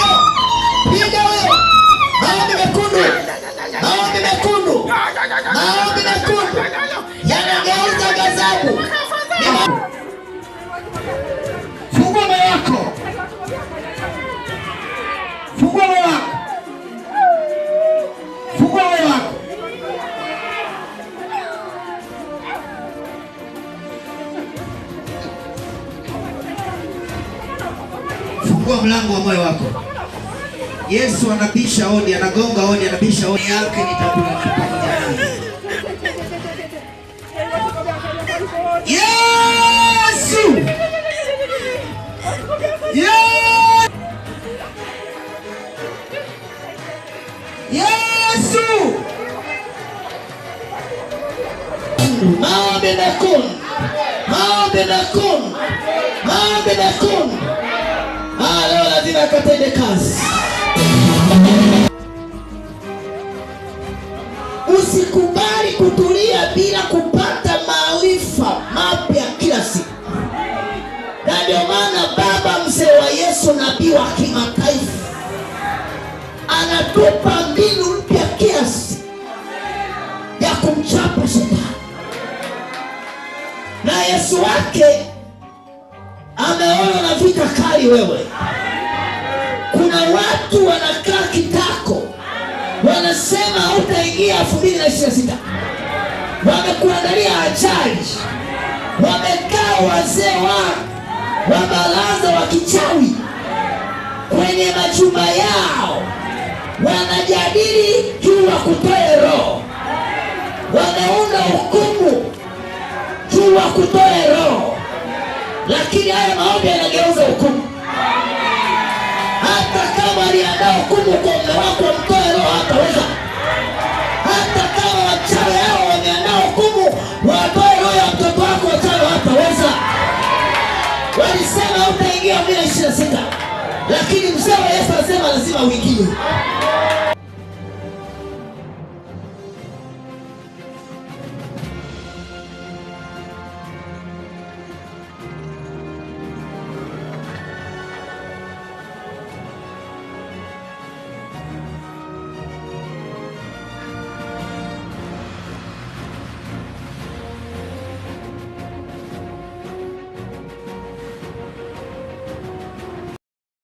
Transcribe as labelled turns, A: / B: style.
A: huyo, piga huyo. Maombi mekundu, maombi mekundu, maombi mekundu yanageuza gazabu. Fungua moyo wako, fungua moyo wako. Fungua mlango wa moyo wako. Yesu anabisha hodi, anagonga hodi, anabisha hodi yake nitakula pamoja naye. Yesu! Yesu! Maombi na kum. Maombi na kum. Maombi na kum. Ah, leo lazima akatende kazi. Usikubali kutulia bila kupata maarifa mapya kila siku, na ndio maana baba mzee wa Yesu, nabii wa kimataifa, anatupa mbinu mpya kila siku ya kumchapa shetani na Yesu wake tafakari wewe. Kuna watu wanakaa kitako, wanasema hautaingia elfu mbili na ishiri na sita. Wamekuandalia ajaji wamekaa wazee wa wabalaza wa kichawi kwenye majumba yao, wanajadili juu wa kutoe roho, wanaunda hukumu juu wa kutoe lakini haya maombi yanageuza hukumu. Hata kama aliandaa hukumu kwa mume wako, mtoe roho, hataweza. Hata kama wachawi hao wameandaa hukumu, watoe roho ya mtoto wako, wachawi hataweza. Walisema utaingia mia ishirini na sita, lakini mzee wa Yesu anasema lazima uingie.